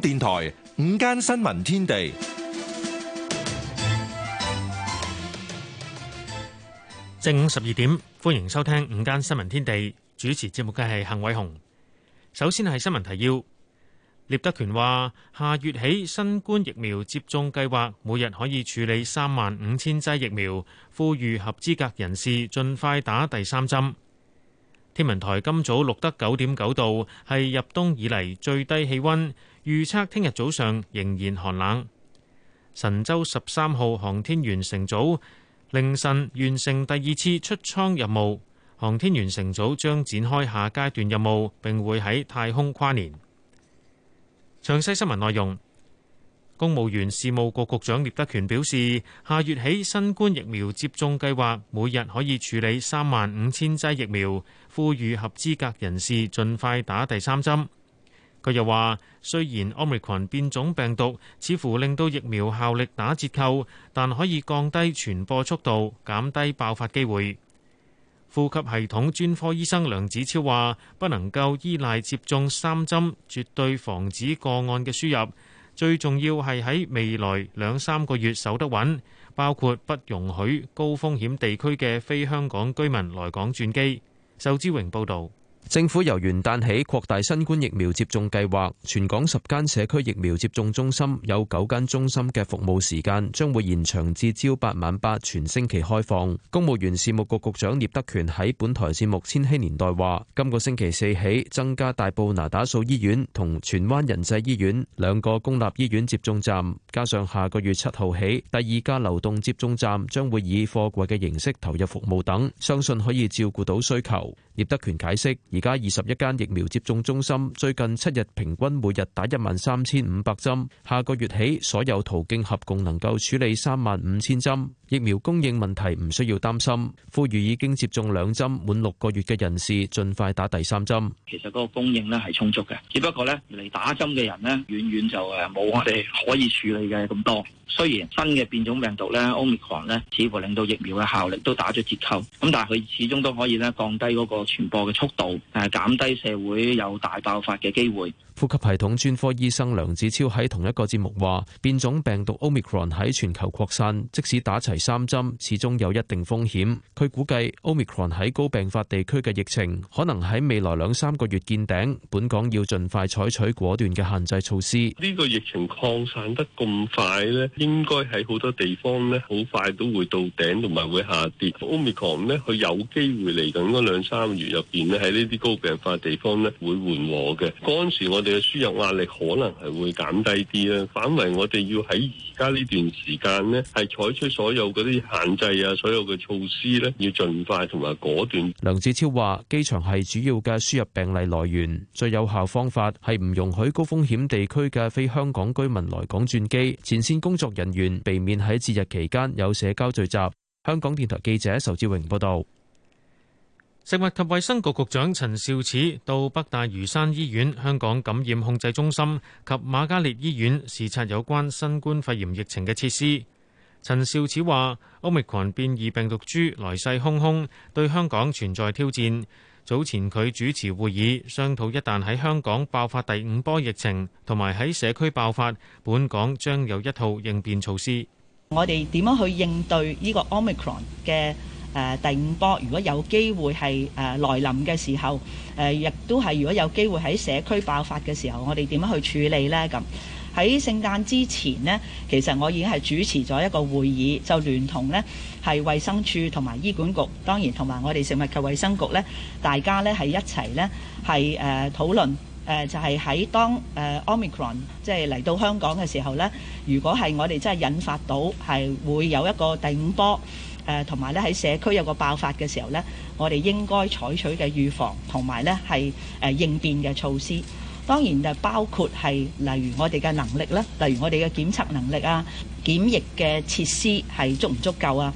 電台午間新聞天地，正午十二點，歡迎收聽午間新聞天地。主持節目嘅係幸偉雄。首先係新聞提要：聶德權話，下月起新冠疫苗接種計劃每日可以處理三萬五千劑疫苗，呼籲合資格人士盡快打第三針。天文台今早錄得九點九度，係入冬以嚟最低氣溫。預測聽日早上仍然寒冷。神舟十三號航天員乘組凌晨完成第二次出艙任務，航天員乘組將展開下階段任務，並會喺太空跨年。詳細新聞內容，公務員事務局局局長聶德權表示，下月起新冠疫苗接種計劃每日可以處理三萬五千劑疫苗，呼籲合資格人士盡快打第三針。佢又話：雖然 Omicron 變種病毒似乎令到疫苗效力打折扣，但可以降低傳播速度、減低爆發機會。呼吸系統專科醫生梁子超話：不能夠依賴接種三針，絕對防止個案嘅輸入。最重要係喺未來兩三個月守得穩，包括不容許高風險地區嘅非香港居民來港轉機。仇志榮報導。政府由元旦起擴大新冠疫苗接種計劃，全港十間社區疫苗接種中心有九間中心嘅服務時間將會延長至朝八晚八，全星期開放。公務員事務局局，局長聶德權喺本台節目《千禧年代》話：今個星期四起，增加大埔那打素醫院同荃灣仁濟醫院兩個公立醫院接種站，加上下個月七號起第二家流動接種站將會以貨櫃嘅形式投入服務等，相信可以照顧到需求。葉德權解釋，而家二十一間疫苗接種中心最近七日平均每日打一萬三千五百針，下個月起所有途徑合共能夠處理三萬五千針。疫苗供應問題唔需要擔心，呼籲已經接種兩針滿六個月嘅人士盡快打第三針。其實嗰個供應咧係充足嘅，只不過咧嚟打針嘅人咧遠遠就誒冇我哋可以處理嘅咁多。雖然新嘅變種病毒咧 Omicron 咧似乎令到疫苗嘅效力都打咗折扣，咁但係佢始終都可以咧降低嗰個傳播嘅速度，誒減低社會有大爆發嘅機會。呼吸系統專科醫生梁子超喺同一個節目話：變種病毒 Omicron 喺全球擴散，即使打齊三針，始終有一定風險。佢估計 Omicron 喺高病發地區嘅疫情，可能喺未來兩三個月見頂。本港要盡快採取果斷嘅限制措施。呢個疫情擴散得咁快咧，應該喺好多地方咧，好快都會到頂同埋會下跌。Omicron 咧，佢有機會嚟緊嗰兩三月入邊咧，喺呢啲高病發地方咧，會緩和嘅。嗰陣時我。輸入壓力可能係會減低啲啦，反為我哋要喺而家呢段時間咧，係採取所有嗰啲限制啊，所有嘅措施咧，要盡快同埋果斷。梁志超話：機場係主要嘅輸入病例來源，最有效方法係唔容許高風險地區嘅非香港居民來港轉機，前線工作人員避免喺節日期間有社交聚集。香港電台記者仇志榮報道。食物及衛生局局長陳肇始到北大嶼山醫院、香港感染控制中心及瑪嘉烈醫院視察有關新冠肺炎疫情嘅設施。陳肇始話：Omicron 變異病毒株來勢洶洶，對香港存在挑戰。早前佢主持會議，商討一旦喺香港爆發第五波疫情，同埋喺社區爆發，本港將有一套應變措施。我哋點樣去應對呢個 Omicron 嘅？誒、啊、第五波如果有機會係誒來臨嘅時候，誒亦都係如果有機會喺、啊啊、社區爆發嘅時候，我哋點樣去處理呢？咁喺聖誕之前呢，其實我已經係主持咗一個會議，就聯同呢係衛生署同埋醫管局，當然同埋我哋食物及衛生局呢，大家呢係一齊呢係誒討論誒，就係、是、喺當、呃、Omicron 即係嚟到香港嘅時候呢，如果係我哋真係引發到係會有一個第五波。誒同埋咧喺社區有個爆發嘅時候呢，我哋應該採取嘅預防同埋呢係誒應變嘅措施。當然就包括係例如我哋嘅能力啦，例如我哋嘅檢測能力啊、檢疫嘅設施係足唔足夠啊？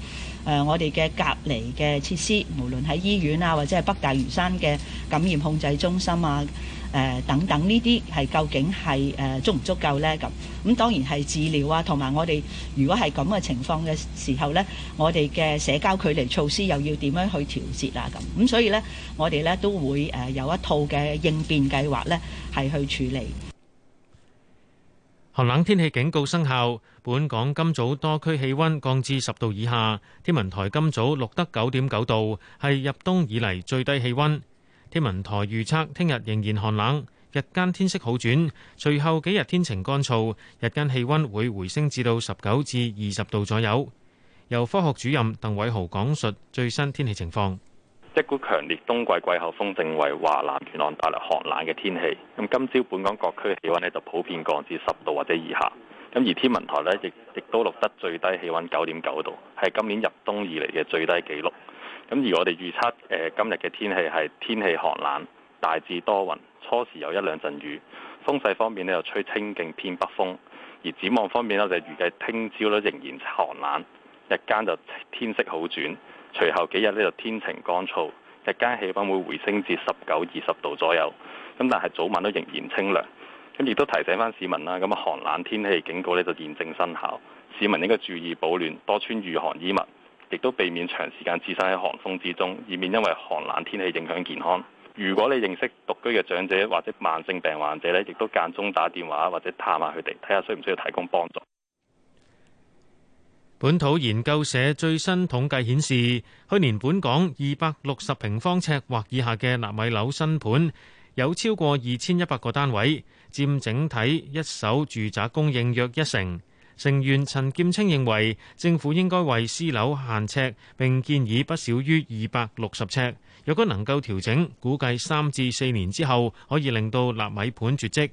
誒、呃，我哋嘅隔離嘅設施，無論喺醫院啊或者係北大嶼山嘅感染控制中心啊。誒等等呢啲係究竟係誒足唔足夠呢？咁咁當然係治療啊，同埋我哋如果係咁嘅情況嘅時候呢，我哋嘅社交距離措施又要點樣去調節啊？咁咁所以呢，我哋呢都會誒有一套嘅應變計劃呢，係去處理。寒冷天氣警告生效，本港今早多區氣温降至十度以下，天文台今早錄得九點九度，係入冬以嚟最低氣温。天文台預測，聽日仍然寒冷，日間天色好轉，隨後幾日天晴乾燥，日間氣温會回升至到十九至二十度左右。由科學主任鄧偉豪講述最新天氣情況。一股強烈冬季季候風正為華南沿岸帶來寒冷嘅天氣。咁今朝本港各區氣温呢就普遍降至十度或者以下。咁而天文台呢亦亦都錄得最低氣温九點九度，係今年入冬以嚟嘅最低紀錄。咁而我哋預測，誒今日嘅天氣係天氣寒冷，大致多雲，初時有一兩陣雨。風勢方面呢就吹清勁偏北風。而展望方面呢，我哋預計聽朝呢仍然寒冷，日間就天色好轉，隨後幾日呢就天晴乾燥，日間氣温會回升至十九二十度左右。咁但係早晚都仍然清涼。咁亦都提醒翻市民啦，咁啊寒冷天氣警告呢就現正生效，市民應該注意保暖，多穿御寒衣物。亦都避免長時間置身喺寒風之中，以免因為寒冷天氣影響健康。如果你認識獨居嘅長者或者慢性病患者呢，亦都間中打電話或者探下佢哋，睇下需唔需要提供幫助。本土研究社最新統計顯示，去年本港二百六十平方尺或以下嘅納米樓新盤有超過二千一百個單位，佔整體一手住宅供應約一成。成員陳劍青認為政府應該為私樓限尺，並建議不少於二百六十尺。若果能夠調整，估計三至四年之後可以令到納米盤絕跡。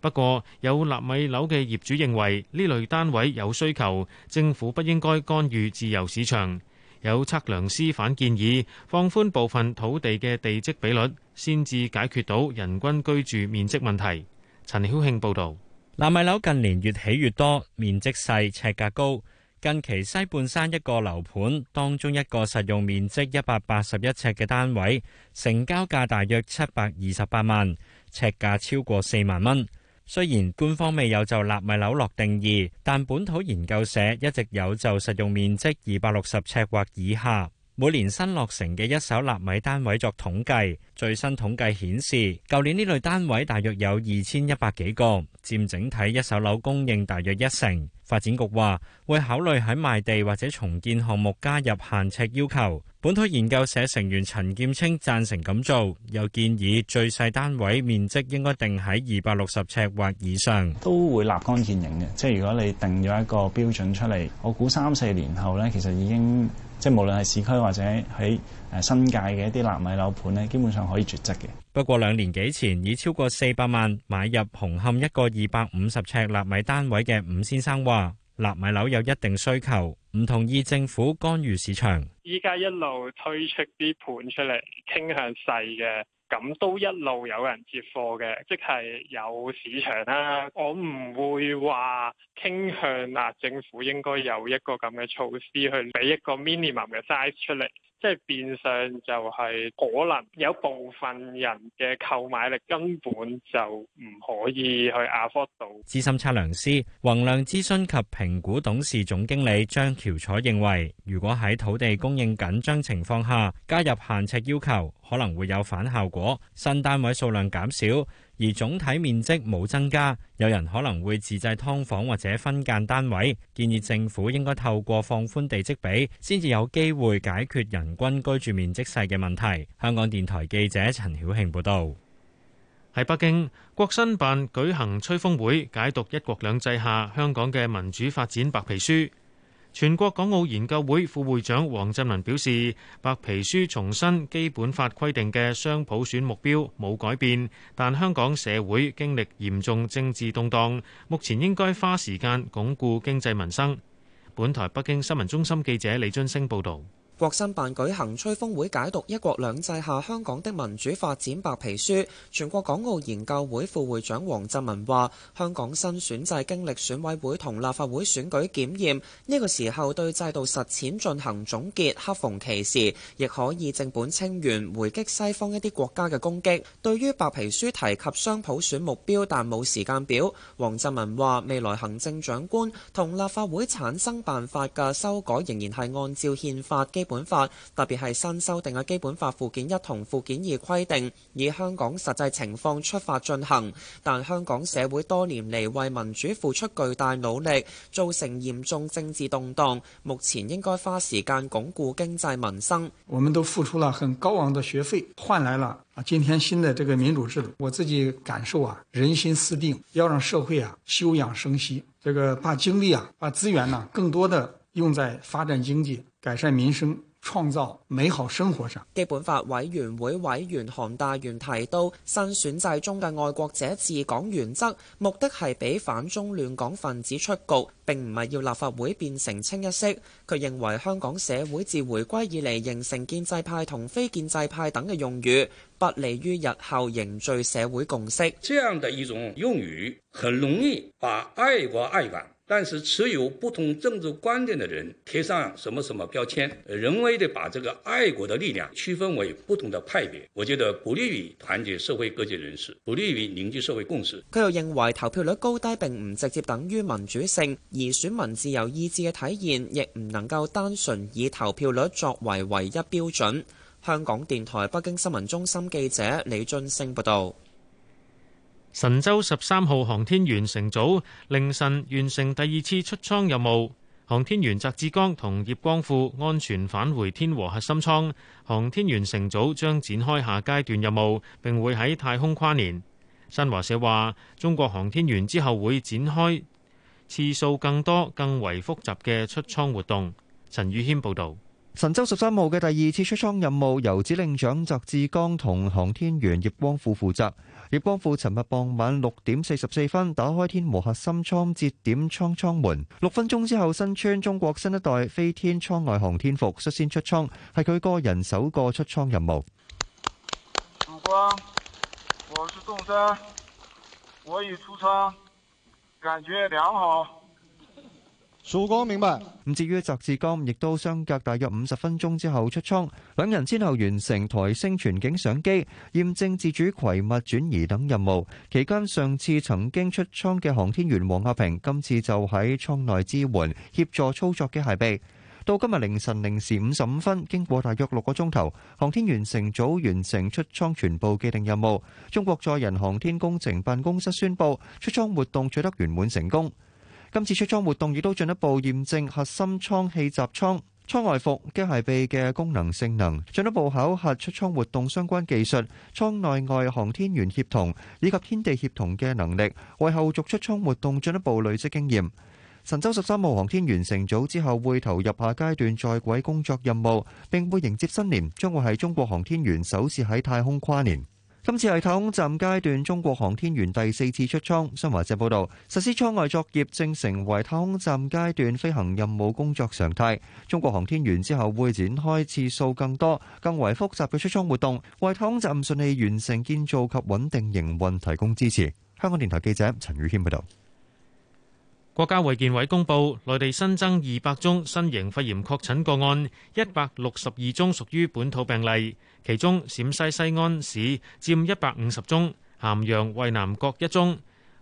不過有納米樓嘅業主認為呢類單位有需求，政府不應該干預自由市場。有測量師反建議放寬部分土地嘅地積比率，先至解決到人均居住面積問題。陳曉慶報導。納米樓近年越起越多，面積細，尺價高。近期西半山一個樓盤當中一個實用面積一百八十一尺嘅單位，成交價大約七百二十八萬，尺價超過四萬蚊。雖然官方未有就納米樓落定義，但本土研究社一直有就實用面積二百六十尺或以下。每年新落成嘅一手納米單位作統計，最新統計顯示，舊年呢類單位大約有二千一百幾個，佔整體一手樓供應大約一成。發展局話會考慮喺賣地或者重建項目加入限尺要求。本土研究社成員陳劍清贊成咁做，又建議最細單位面積應該定喺二百六十尺或以上。都會立竿見影嘅，即係如果你定咗一個標準出嚟，我估三四年後咧，其實已經。即係無論係市區或者喺誒新界嘅一啲納米樓盤咧，基本上可以絕跡嘅。不過兩年幾前以超過四百萬買入紅磡一個二百五十尺納米單位嘅伍先生話：納米樓有一定需求，唔同意政府干預市場。依家一路推出啲盤出嚟，傾向細嘅。咁都一路有人接貨嘅，即係有市場啦，啊。我唔會話傾向啊，政府應該有一個咁嘅措施去俾一個 minimum 嘅 size 出嚟。即係變相就係，可能有部分人嘅購買力根本就唔可以去 afford 到。資深測量師、宏亮諮詢及評估董事總經理張喬楚認為，如果喺土地供應緊張情況下加入限尺要求，可能會有反效果，新單位數量減少，而總體面積冇增加，有人可能會自製劏房或者分間單位。建議政府應該透過放寬地積比，先至有機會解決人均居住面積細嘅問題。香港電台記者陳曉慶報導。喺北京，國新辦舉行吹風會，解讀《一國兩制》下香港嘅民主發展白皮書。全國港澳研究會副會長黃振文表示，白皮書重申《基本法》規定嘅雙普選目標冇改變，但香港社會經歷嚴重政治動盪，目前應該花時間鞏固經濟民生。本台北京新聞中心記者李俊升報道。國新辦舉行吹風會，解讀《一國兩制下香港的民主發展白皮書》。全國港澳研究會副會長黃振文話：香港新選制經歷選委會同立法會選舉檢驗，呢個時候對制度實踐進行總結，恰逢其時，亦可以正本清源，回擊西方一啲國家嘅攻擊。對於白皮書提及雙普選目標，但冇時間表，黃振文話：未來行政長官同立法會產生辦法嘅修改，仍然係按照憲法本法特別係新修訂嘅基本法附件一同附件二規定，以香港實際情況出發進行。但香港社會多年嚟為民主付出巨大努力，造成嚴重政治動盪，目前應該花時間鞏固經濟民生。我們都付出了很高昂的學費，換來了啊，今天新的這個民主制度。我自己感受啊，人心思定，要讓社會啊休養生息，這個把精力啊、把資源呢、啊，更多的用在發展經濟。改善民生，創造美好生活。上基本法委員會委員韓大元提到，新選制中嘅愛國者治港原則，目的係俾反中亂港分子出局，並唔係要立法會變成清一色。佢認為香港社會自回歸以嚟形成建制派同非建制派等嘅用語，不利於日後凝聚社會共識。這樣的一種用語，很容易把愛國愛港。但是持有不同政治觀點的人貼上什麼什麼標籤，人為地把這個愛國的力量區分為不同的派別，我覺得不利於團結社會各界人士，不利於凝聚社會共識。佢又認為投票率高低並唔直接等於民主性，而選民自由意志嘅體現亦唔能夠單純以投票率作為唯一標準。香港電台北京新聞中心記者李俊升報道。神舟十三號航天員乘組凌晨完成第二次出艙任務，航天員翟志剛同葉光富安全返回天和核心艙，航天員乘組將展開下階段任務，並會喺太空跨年。新華社話，中國航天員之後會展開次數更多、更為複雜嘅出艙活動。陳宇軒報導，神舟十三號嘅第二次出艙任務由指令長翟志剛同航天員葉光富負責。葉光富尋日傍晚六點四十四分打開天和核心艙節點艙艙門，六分鐘之後身穿中國新一代飛天艙外航天服率先出艙，係佢個人首個出艙任務。曙光，我是宋丹，我已出艙，感覺良好。曙光明白。唔至於翟志剛亦都相隔大約五十分鐘之後出艙，兩人先後完成抬升全景相機、驗證自主攜物轉移等任務。期間上次曾經出艙嘅航天員王亞平，今次就喺艙內支援協助操作機械臂。到今日凌晨零時五十五分，經過大約六個鐘頭，航天員乘組完成出艙全部既定任務。中國載人航天工程辦公室宣布出艙活動取得圓滿成功。今次出艙活動亦都進一步驗證核心艙、氣閘艙、艙外服、機械臂嘅功能性能，進一步考核出艙活動相關技術、艙內外航天員協同以及天地協同嘅能力，為後續出艙活動進一步累積經驗。神舟十三號航天員乘組之後會投入下階段在軌工作任務，並會迎接新年，將會係中國航天員首次喺太空跨年。今次係太空站階段，中國航天員第四次出艙。新華社報道，實施艙外作業正成為太空站階段飛行任務工作常態。中國航天員之後會展開次數更多、更為複雜嘅出艙活動，為太空站順利完成建造及穩定營運提供支持。香港電台記者陳宇軒報道。國家衛健委公布，內地新增二百宗新型肺炎確診個案，一百六十二宗屬於本土病例，其中陝西西安市佔一百五十宗，咸陽渭南各一宗，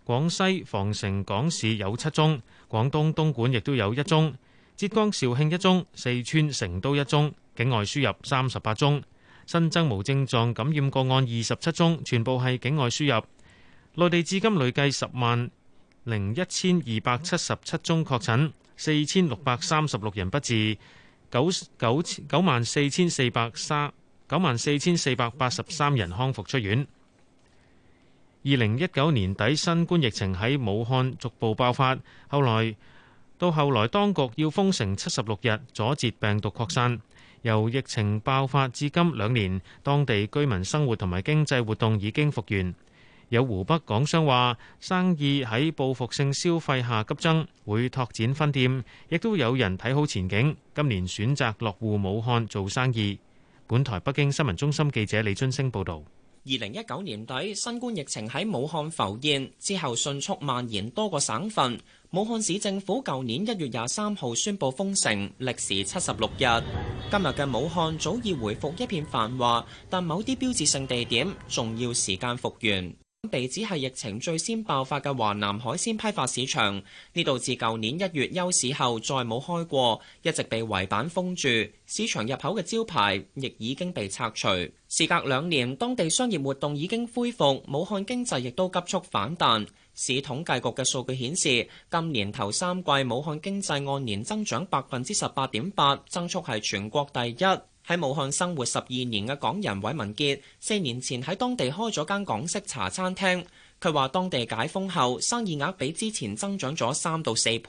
廣西防城港市有七宗，廣東東莞亦都有一宗，浙江紹興一宗，四川成都一宗，境外輸入三十八宗，新增無症狀感染個案二十七宗，全部係境外輸入。內地至今累計十萬。零一千二百七十七宗確診，四千六百三十六人不治，九九九萬四千四百三九萬四千四百八十三人康復出院。二零一九年底，新冠疫情喺武漢逐步爆發，後來到後來當局要封城七十六日，阻截病毒擴散。由疫情爆發至今兩年，當地居民生活同埋經濟活動已經復原。有湖北港商話生意喺報復性消費下急增，會拓展分店；亦都有人睇好前景，今年選擇落戶武漢做生意。本台北京新聞中心記者李津升報道。二零一九年底，新冠疫情喺武漢浮現之後迅速蔓延多個省份。武漢市政府舊年一月廿三號宣布封城，歷時七十六日。今日嘅武漢早已回復一片繁華，但某啲標誌性地點仲要時間復原。地址係疫情最先爆發嘅華南海鮮批發市場，呢度自舊年一月休市後，再冇開過，一直被圍板封住，市場入口嘅招牌亦已經被拆除。事隔兩年，當地商業活動已經恢復，武漢經濟亦都急速反彈。市統計局嘅數據顯示，今年頭三季武漢經濟按年增長百分之十八點八，增速係全國第一。喺武漢生活十二年嘅港人韋文杰，四年前喺當地開咗間港式茶餐廳。佢話當地解封後，生意額比之前增長咗三到四倍。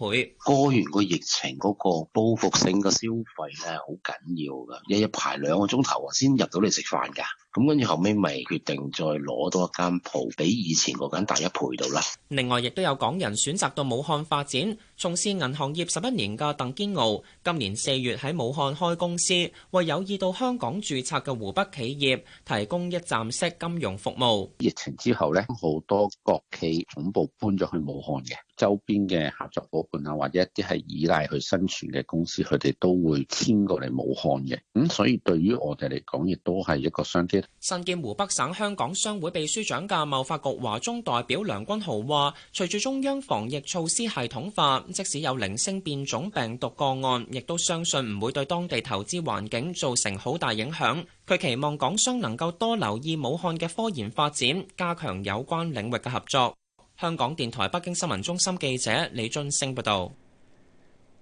過完個疫情嗰個報復性嘅消費咧，好緊要噶，日日排兩個鐘頭啊，先入到嚟食飯噶。咁跟住後尾咪決定再攞多一間鋪比以前嗰間大一倍到啦。另外，亦都有港人選擇到武漢發展。從事銀行業十一年嘅鄧堅傲，今年四月喺武漢開公司，為有意到香港註冊嘅湖北企業提供一站式金融服務。疫情之後咧，好多國企總部搬咗去武漢嘅。周邊嘅合作伙伴啊，或者一啲係依賴佢生存嘅公司，佢哋都會遷過嚟武漢嘅，咁所以對於我哋嚟講，亦都係一個商機。身兼湖北省香港商會秘書長嘅貿發局華中代表梁君豪話，隨住中央防疫措施系統化，即使有零星變種病毒個案，亦都相信唔會對當地投資環境造成好大影響。佢期望港商能夠多留意武漢嘅科研發展，加強有關領域嘅合作。香港電台北京新聞中心記者李俊升報道，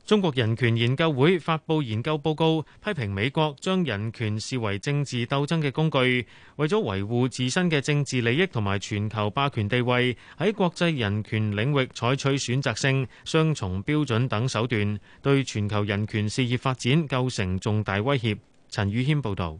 中國人權研究會發佈研究報告，批評美國將人權視為政治鬥爭嘅工具，為咗維護自身嘅政治利益同埋全球霸權地位，喺國際人權領域採取選擇性、雙重標準等手段，對全球人權事業發展構成重大威脅。陳宇謙報道。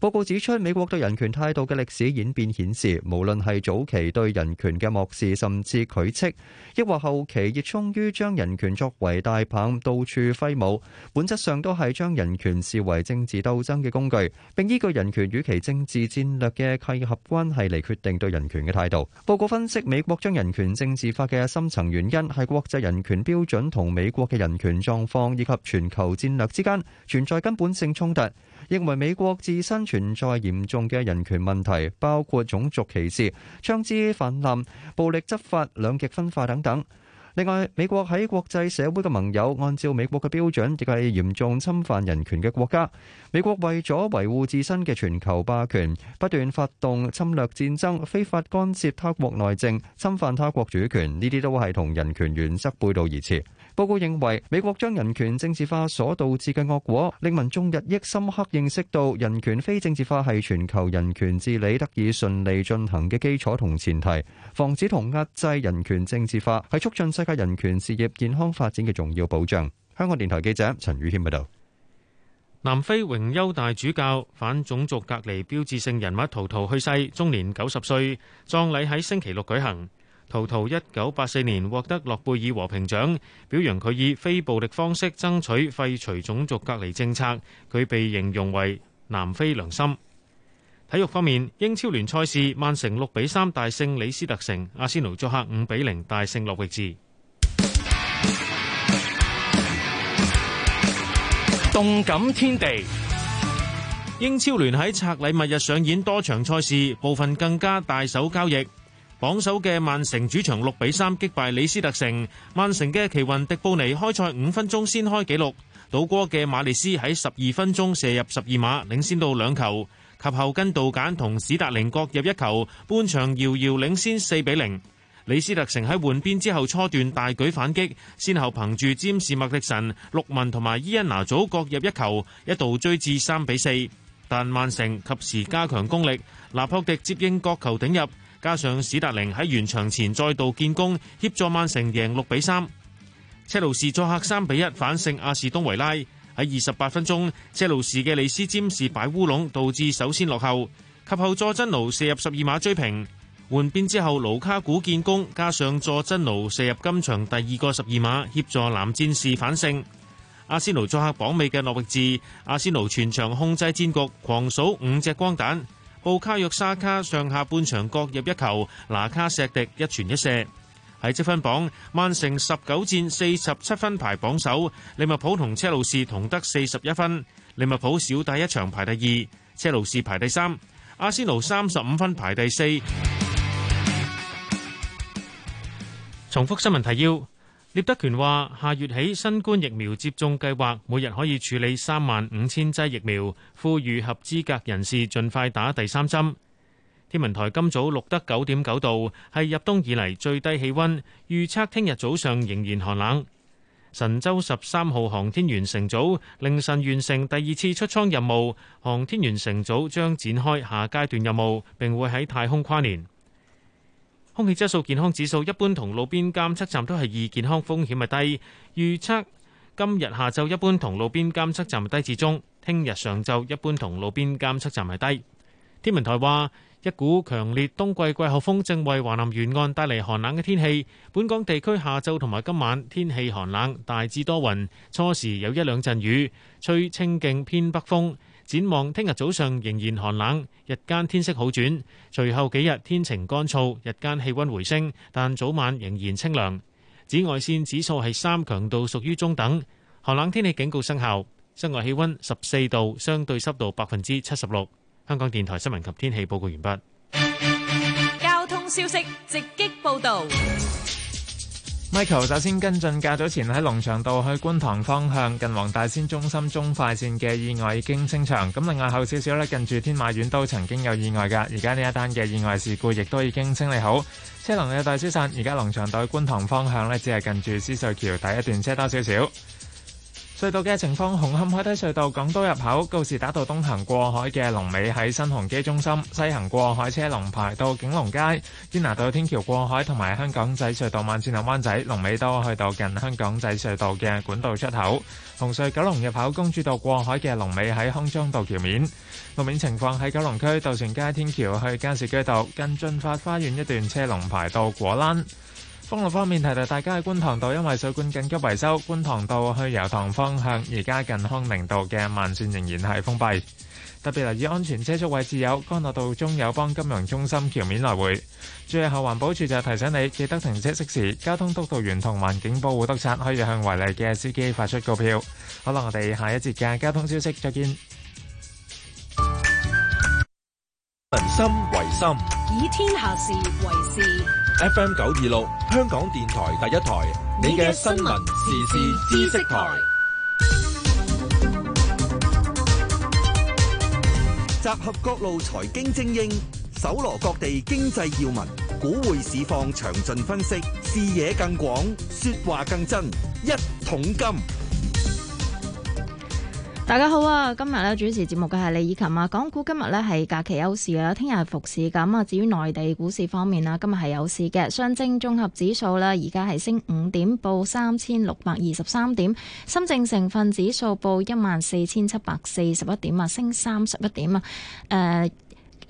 報告指出，美國對人權態度嘅歷史演變顯示，無論係早期對人權嘅漠視甚至拒斥，抑或後期熱衷於將人權作為大棒到處揮舞，本質上都係將人權視為政治鬥爭嘅工具，並依據人權與其政治戰略嘅契合關係嚟決定對人權嘅態度。報告分析，美國將人權政治化嘅深層原因係國際人權標準同美國嘅人權狀況以及全球戰略之間存在根本性衝突。認為美國自身存在嚴重嘅人權問題，包括種族歧視、槍支氾濫、暴力執法、兩極分化等等。另外，美國喺國際社會嘅盟友，按照美國嘅標準，亦係嚴重侵犯人權嘅國家。美國為咗維護自身嘅全球霸權，不斷發動侵略戰爭、非法干涉他國內政、侵犯他國主權，呢啲都係同人權原則背道而馳。報告認為，美國將人權政治化所導致嘅惡果，令民眾日益深刻認識到，人權非政治化係全球人權治理得以順利進行嘅基礎同前提，防止同壓制人權政治化係促進世界人權事業健康發展嘅重要保障。香港電台記者陳宇謙報道。南非榮休大主教、反種族隔離標誌性人物圖圖去世，終年九十歲，葬禮喺星期六舉行。圖圖一九八四年獲得諾貝爾和平獎，表揚佢以非暴力方式爭取廢除種族隔離政策。佢被形容為南非良心。體育方面，英超聯賽事，曼城六比三大勝李斯特城，阿仙奴作客五比零大勝諾域治。動感天地，英超聯喺拆禮物日上演多場賽事，部分更加大手交易。榜首嘅曼城主場六比三擊敗李斯特城，曼城嘅奇雲迪布尼開賽五分鐘先開紀錄，倒戈嘅馬利斯喺十二分鐘射入十二碼，領先到兩球，及後跟杜簡同史達靈各入一球，半場遙遙領先四比零。李斯特城喺換邊之後初段大舉反擊，先後憑住詹士麥迪臣、陸文同埋伊恩拿祖各入一球，一度追至三比四。但曼城及時加強攻力，納破迪接應角球頂入，加上史達靈喺完場前再度建功，協助曼城贏六比三。車路士作客三比一反勝阿士東維拉。喺二十八分鐘，車路士嘅里斯占士擺烏龍，導致首先落後，及後佐真奴射入十二碼追平。換邊之後，盧卡古建功，加上佐真奴射入今場第二個十二碼，協助藍戰士反勝阿仙奴。作客榜尾嘅諾域治，阿仙奴全場控制戰局，狂數五隻光彈。布卡約沙卡上下半場各入一球，拿卡錫迪一傳一射。喺積分榜，曼城十九戰四十七分排榜首，利物浦同車路士同得四十一分，利物浦少打一場排第二，車路士排第三，阿仙奴三十五分排第四。重複新聞提要：聶德權話，下月起新冠疫苗接種計劃每日可以處理三萬五千劑疫苗，呼籲合資格人士盡快打第三針。天文台今早錄得九點九度，係入冬以嚟最低氣溫，預測聽日早上仍然寒冷。神舟十三號航天員乘組凌晨完成第二次出艙任務，航天員乘組將展開下階段任務，並會喺太空跨年。空氣質素健康指數一般同路邊監測站都係二，健康風險係低，預測今日下晝一般同路邊監測站低至中，聽日上晝一般同路邊監測站係低。天文台話，一股強烈冬季季候風正為華南沿岸帶嚟寒冷嘅天氣，本港地區下晝同埋今晚天氣寒冷，大致多雲，初時有一兩陣雨，吹清勁偏北風。展望聽日早上仍然寒冷，日間天色好轉，隨後幾日天晴乾燥，日間氣温回升，但早晚仍然清涼。紫外線指數係三強度，屬於中等。寒冷天氣警告生效，室外氣温十四度，相對濕度百分之七十六。香港電台新聞及天氣報告完畢。交通消息直擊報導。Michael 首先跟進，較早前喺龍翔道去觀塘方向近黃大仙中心中快線嘅意外已經清場。咁另外後少少咧，近住天馬苑都曾經有意外噶，而家呢一單嘅意外事故亦都已經清理好，車龍有大消散。而家龍翔道去觀塘方向呢，只係近住獅隧橋第一段車多少少。隧道嘅情況：紅磡海底隧道港島入口、告士打道東行過海嘅龍尾喺新鴻基中心；西行過海車龍排到景隆街、堅拿道天橋過海同埋香港仔隧道慢線灣仔龍尾都去到近香港仔隧道嘅管道出口。紅隧九龍入口，公主道過海嘅龍尾喺康莊道橋面。路面情況喺九龍區，渡船街天橋去加士居道近駿發花園一段車龍排到果欄。公路方面，提提大家喺觀塘道，因為水管緊急維修，觀塘道去油塘方向而家近康寧道嘅慢綫仍然係封閉。特別留意安全車速位置，有干諾道中友邦金融中心橋面來回。最後，環保處就提醒你記得停車熄匙。交通督導員同環境保護督察可以向違例嘅司機發出告票。好啦，我哋下一節嘅交通消息再見。民心為心，以天下事為事。FM 九二六，香港電台第一台，你嘅新聞時事知識台，集合各路財經精英，搜羅各地經濟要聞，股匯市況詳盡分析，視野更廣，說話更真，一桶金。大家好啊！今日咧主持節目嘅係李以琴啊，港股今日咧係假期休市啊，聽日係復市咁啊。至於內地股市方面啦，今日係有市嘅，上證綜合指數啦，而家係升五點，報三千六百二十三點，深證成分指數報一萬四千七百四十一點啊，升三十一點啊，誒、呃。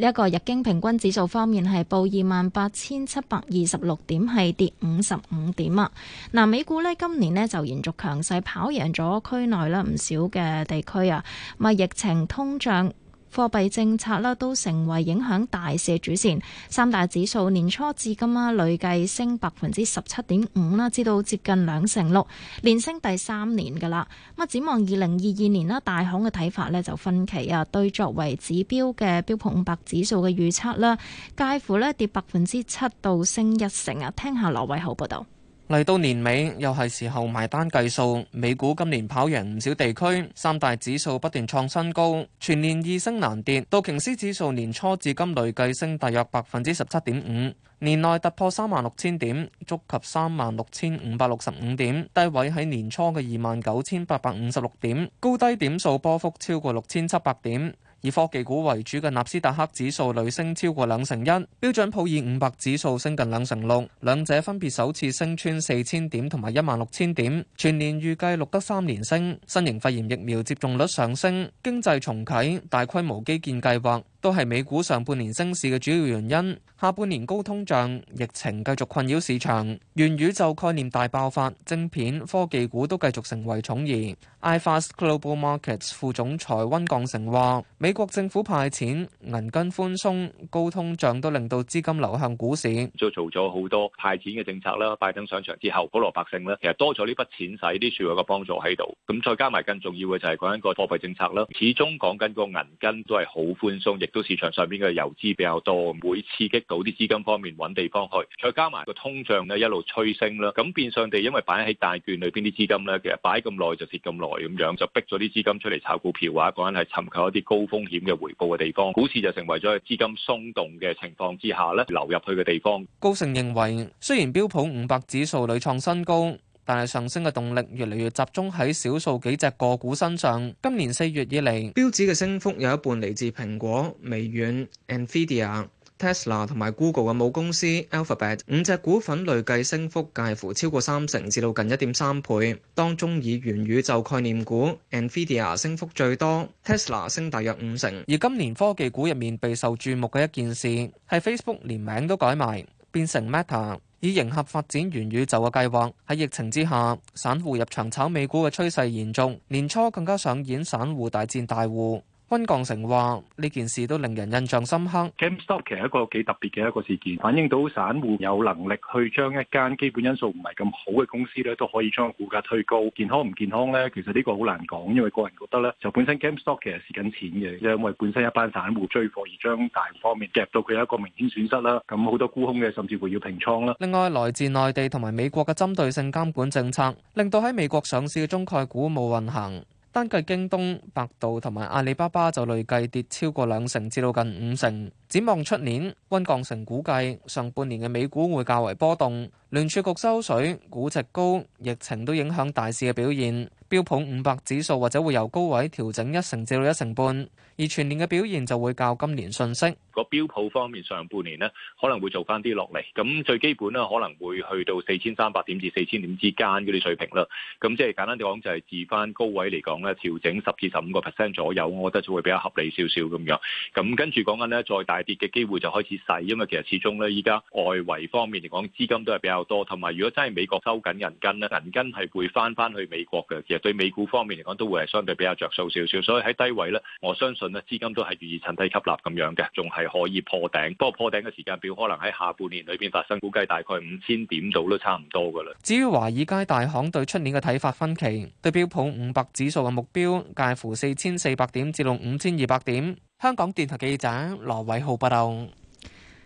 呢一個日經平均指數方面係報二萬八千七百二十六點，係跌五十五點啊。嗱，美股呢今年呢就延續強勢，跑贏咗區內啦唔少嘅地區啊，咪疫情、通脹。貨幣政策啦，都成為影響大市主線。三大指數年初至今啦，累計升百分之十七點五啦，至到接近兩成六，連升第三年噶啦。咁展望二零二二年啦，大行嘅睇法咧就分歧啊，對作為指標嘅標普五百指數嘅預測啦，介乎咧跌百分之七到升一成啊。聽下羅偉豪報道。嚟到年尾，又係時候埋單計數。美股今年跑贏唔少地區，三大指數不斷創新高，全年易升難跌。道瓊斯指數年初至今累計升大約百分之十七點五，年內突破三萬六千點，觸及三萬六千五百六十五點，低位喺年初嘅二萬九千八百五十六點，高低點數波幅超過六千七百點。以科技股為主嘅納斯達克指數累升超過兩成一，標準普爾五百指數升近兩成六，兩者分別首次升穿四千點同埋一萬六千點，全年預計錄得三連升，新型肺炎疫苗接種率上升，經濟重啟，大規模基建計劃。都係美股上半年升市嘅主要原因，下半年高通脹、疫情繼續困擾市場，元宇宙概念大爆發，晶片科技股都繼續成為寵兒。iFAST Global Markets 副總裁温鋼成話：美國政府派錢、銀根寬鬆、高通脹都令到資金流向股市，就做咗好多派錢嘅政策啦。拜登上場之後，普羅百姓呢其實多咗呢筆錢使，啲社會嘅幫助喺度，咁再加埋更重要嘅就係講緊個貨幣政策啦，始終講緊個銀根都係好寬鬆。亦都市場上邊嘅游資比較多，會刺激到啲資金方面揾地方去，再加埋個通脹咧一路催升啦。咁變相地，因為擺喺大券裏邊啲資金咧，其實擺咁耐就蝕咁耐咁樣，就逼咗啲資金出嚟炒股票啊！或者一個人係尋求一啲高風險嘅回報嘅地方，股市就成為咗資金鬆動嘅情況之下咧流入去嘅地方。高盛認為，雖然標普五百指數屢創新高。但係上升嘅動力越嚟越集中喺少數幾隻個,個股身上。今年四月以嚟，標指嘅升幅有一半嚟自蘋果、微軟、NVIDIA Tesla 同埋 Google 嘅母公司 Alphabet 五隻股份累計升幅介乎超過三成，至到近一點三倍。當中以元宇宙概念股 NVIDIA 升幅最多，Tesla 升大約五成。而今年科技股入面備受注目嘅一件事係 Facebook 連名都改埋，變成 Meta。以迎合發展元宇宙嘅計劃，喺疫情之下，散戶入場炒美股嘅趨勢嚴重，年初更加上演散戶大戰大戶。溫降成話：呢件事都令人印象深刻。GameStop 其實一個幾特別嘅一個事件，反映到散戶有能力去將一間基本因素唔係咁好嘅公司咧，都可以將股價推高。健康唔健康咧，其實呢個好難講，因為個人覺得咧，就本身 GameStop 其實蝕緊錢嘅，因為本身一班散戶追貨而將大方面夾到佢有一個明顯損失啦。咁好多沽空嘅，甚至乎要平倉啦。另外，來自內地同埋美國嘅針對性監管政策，令到喺美國上市嘅中概股冇運行。單計京東、百度同埋阿里巴巴就累計跌超過兩成，至到近五成。展望出年，溫鋼城估計上半年嘅美股會較為波動。聯儲局收水，估值高，疫情都影響大市嘅表現。標普五百指數或者會由高位調整一成至到一成半，而全年嘅表現就會較今年遜色。個標普方面，上半年咧可能會做翻啲落嚟，咁最基本咧可能會去到四千三百點至四千點之間嗰啲水平啦。咁即係簡單地講，就係自翻高位嚟講咧，調整十至十五個 percent 左右，我覺得就會比較合理少少咁樣。咁跟住講緊咧，再大跌嘅機會就開始細，因為其實始終呢，依家外圍方面嚟講，資金都係比較。多，同埋如果真係美國收緊銀根咧，銀根係會翻翻去美國嘅，其實對美股方面嚟講都會係相對比較着數少少，所以喺低位咧，我相信咧資金都係願意趁低吸納咁樣嘅，仲係可以破頂，不過破頂嘅時間表可能喺下半年裏邊發生，估計大概五千點度都差唔多噶啦。至於華爾街大行對出年嘅睇法，分歧，對標普五百指數嘅目標介乎四千四百點至到五千二百點。香港電台記者羅偉浩報道。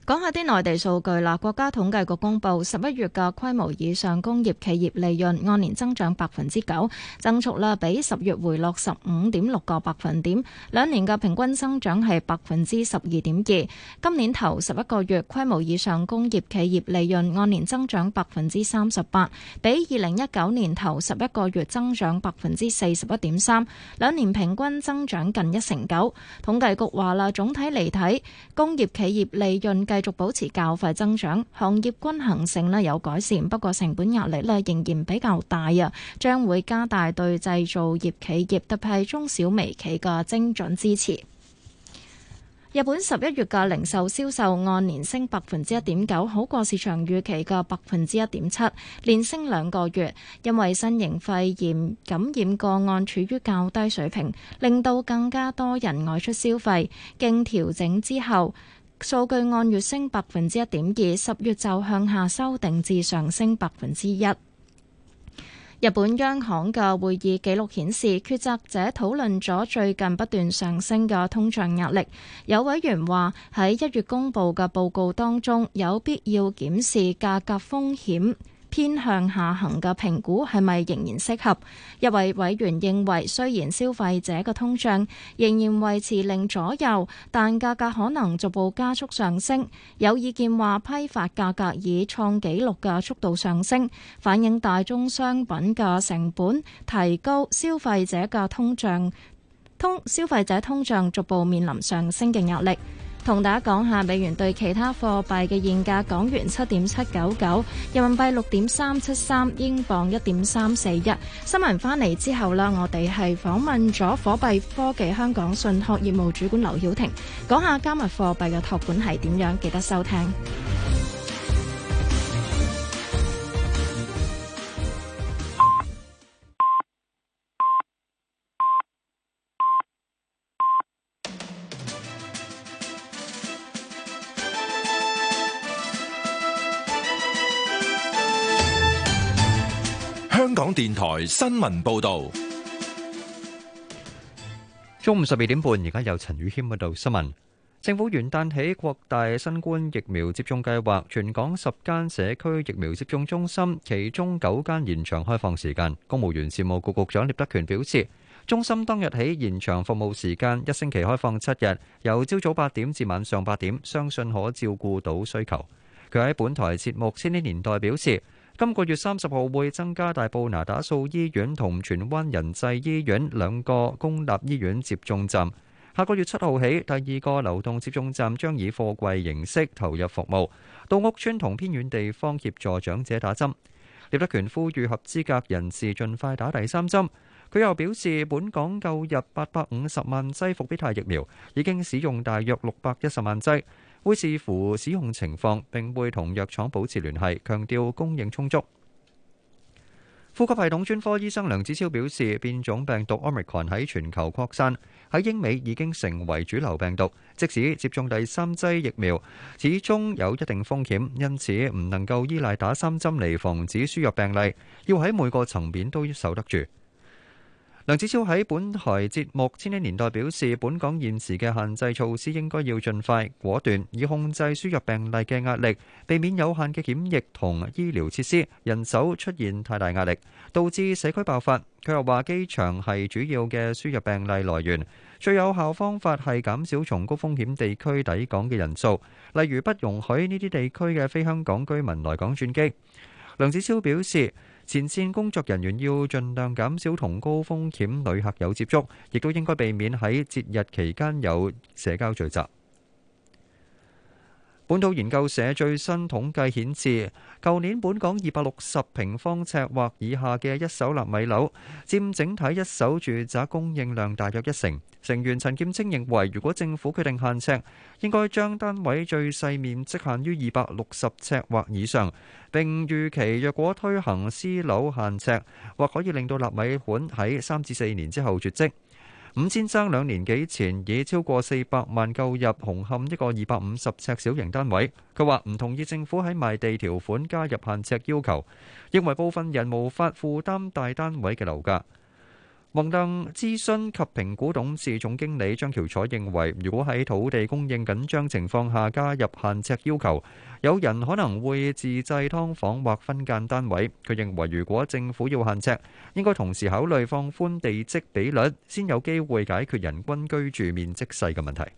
講下啲內地數據啦。國家統計局公布，十一月嘅規模以上工業企業利潤按年增長百分之九，增速啦比十月回落十五點六個百分點，兩年嘅平均增長係百分之十二點二。今年頭十一個月規模以上工業企業利潤按年增長百分之三十八，比二零一九年頭十一個月增長百分之四十一點三，兩年平均增長近一成九。統計局話啦，總體嚟睇，工業企業利潤，繼續保持較快增長，行業均衡性咧有改善，不過成本壓力咧仍然比較大啊，將會加大對製造業企業，特別係中小微企嘅精準支持。日本十一月嘅零售銷售按年升百分之一點九，好過市場預期嘅百分之一點七，連升兩個月，因為新型肺炎感染個案處於較低水平，令到更加多人外出消費。經調整之後。數據按月升百分之一點二，十月就向下修訂至上升百分之一。日本央行嘅會議記錄顯示，決策者討論咗最近不斷上升嘅通脹壓力。有委員話喺一月公布嘅報告當中，有必要檢視價格風險。偏向下行嘅評估係咪仍然適合？一位委員認為雖然消費者嘅通脹仍然維持零左右，但價格可能逐步加速上升。有意見話批發價格以創紀錄嘅速度上升，反映大宗商品嘅成本提高，消費者嘅通脹通消費者通脹逐步面臨上升嘅壓力。同大家講下美元對其他貨幣嘅現價，港元七點七九九，人民幣六點三七三，英鎊一點三四一。新聞翻嚟之後啦，我哋係訪問咗火幣科技香港信託業務主管劉曉婷，講下加密貨幣嘅託管係點樣，記得收聽。電台新聞報道，中午十二點半，而家有陳宇謙報道新聞。政府元旦起擴大新冠疫苗接種計劃，全港十間社區疫苗接種中心，其中九間延長開放時間。公務員事務局局長聶德權表示，中心當日起延長服務時間一星期，開放七日，由朝早八點至晚上八點，相信可照顧到需求。佢喺本台節目《千禧年代》表示。今個月三十號會增加大埔那打素醫院同荃灣仁濟醫院兩個公立醫院接種站。下個月七號起，第二個流動接種站將以貨櫃形式投入服務，到屋邨同偏遠地方協助長者打針。聶德權呼籲合資格人士盡快打第三針。佢又表示，本港購入八百五十萬劑復必泰疫苗，已經使用大約六百一十萬劑。會視乎使用情況，並會同藥廠保持聯繫，強調供應充足。呼吸系統專科醫生梁子超表示，變種病毒 Omicron 喺全球擴散，喺英美已經成為主流病毒。即使接種第三劑疫苗，始終有一定風險，因此唔能夠依賴打三針嚟防止輸入病例，要喺每個層面都守得住。梁子超喺本台節目《千禧年代》表示，本港現時嘅限制措施應該要盡快果斷，以控制輸入病例嘅壓力，避免有限嘅檢疫同醫療設施人手出現太大壓力，導致社區爆發。佢又話：機場係主要嘅輸入病例來源，最有效方法係減少從高風險地區抵港嘅人數，例如不容許呢啲地區嘅非香港居民來港轉機。梁子超表示。前線工作人員要盡量減少同高風險旅客有接觸，亦都應該避免喺節日期間有社交聚集。本土研究社最新統計顯示，舊年本港二百六十平方尺或以下嘅一手納米樓，佔整體一手住宅供應量大約一成。成員陳劍青認為，如果政府決定限尺，應該將單位最細面積限於二百六十尺或以上。並預期，若果推行私樓限尺，或可以令到納米盤喺三至四年之後絕跡。伍先生兩年幾前已超過四百萬購入紅磡一個二百五十尺小型單位，佢話唔同意政府喺賣地條款加入限尺要求，認為部分人無法負擔大單位嘅樓價。宏登諮詢及評估董事總經理張橋楚認為，如果喺土地供應緊張情況下加入限呎要求，有人可能會自製劏房或分間單位。佢認為，如果政府要限呎，應該同時考慮放寬地積比率，先有機會解決人均居住面積細嘅問題。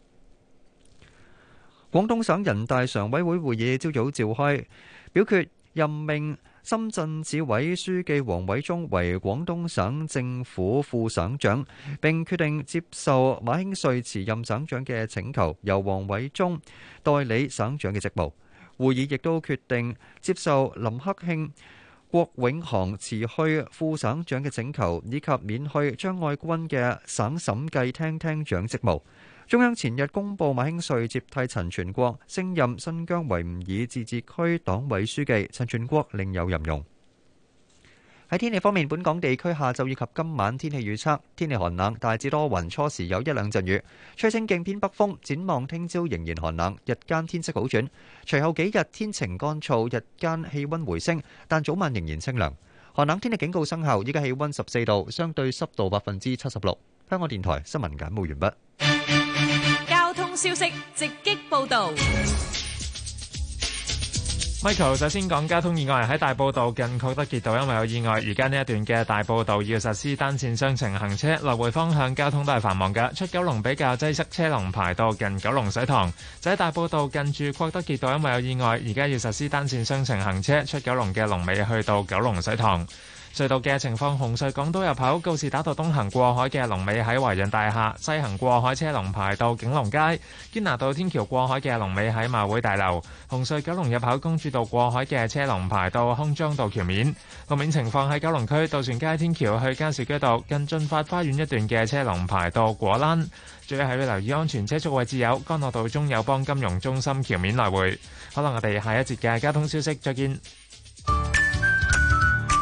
廣東省人大常委會會議朝早召開，表決任命。深圳市委書記王偉忠為廣東省政府副省長，並決定接受馬興瑞辭任省長嘅請求，由王偉忠代理省長嘅職務。會議亦都決定接受林克慶、郭永航辭去副省長嘅請求，以及免去張愛軍嘅省審計廳廳長職務。中央前日公布，馬興瑞接替陳全國，升任新疆維吾爾自治區黨委書記。陳全國另有任用。喺天氣方面，本港地區下晝以及今晚天氣預測，天氣寒冷，大致多雲，初時有一兩陣雨，吹清勁偏北風。展望聽朝仍然寒冷，日間天色好轉，隨後幾日天晴乾燥，日間氣溫回升，但早晚仍然清涼。寒冷天氣警告生效，依家氣溫十四度，相對濕度百分之七十六。香港電台新聞簡報完畢。消息直擊報道，Michael，首先講交通意外喺大埔道近郝德傑道，因為有意外，而家呢一段嘅大埔道要實施單線雙程行車，來回方向交通都係繁忙嘅。出九龍比較擠塞，車，車龍排到近九龍水塘。就喺、是、大埔道近住郝德傑道，因為有意外，而家要實施單線雙程行車，出九龍嘅龍尾去到九龍水塘。隧道嘅情況，紅隧港島入口告士打道東行過海嘅龍尾喺華潤大廈，西行過海車龍排到景隆街，堅拿道天橋過海嘅龍尾喺馬會大樓，紅隧九龍入口公主道過海嘅車龍排到康莊道橋面。路面情況喺九龍區渡船街天橋去加士居道近進發花園一段嘅車龍排到果欄。最後係要留意安全車速位置，有干諾道中友邦金融中心橋面來回。好啦，我哋下一節嘅交通消息，再見。